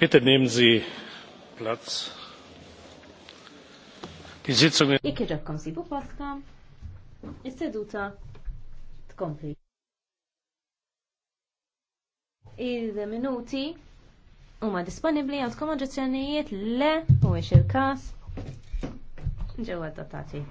Bitte nehmen Sie Platz. Die Sitzung ist. is-seduta tkompli. Il-minuti huma disponibbli għandkom oġġezzjonijiet le mhuwiex il-każ ġew dotati.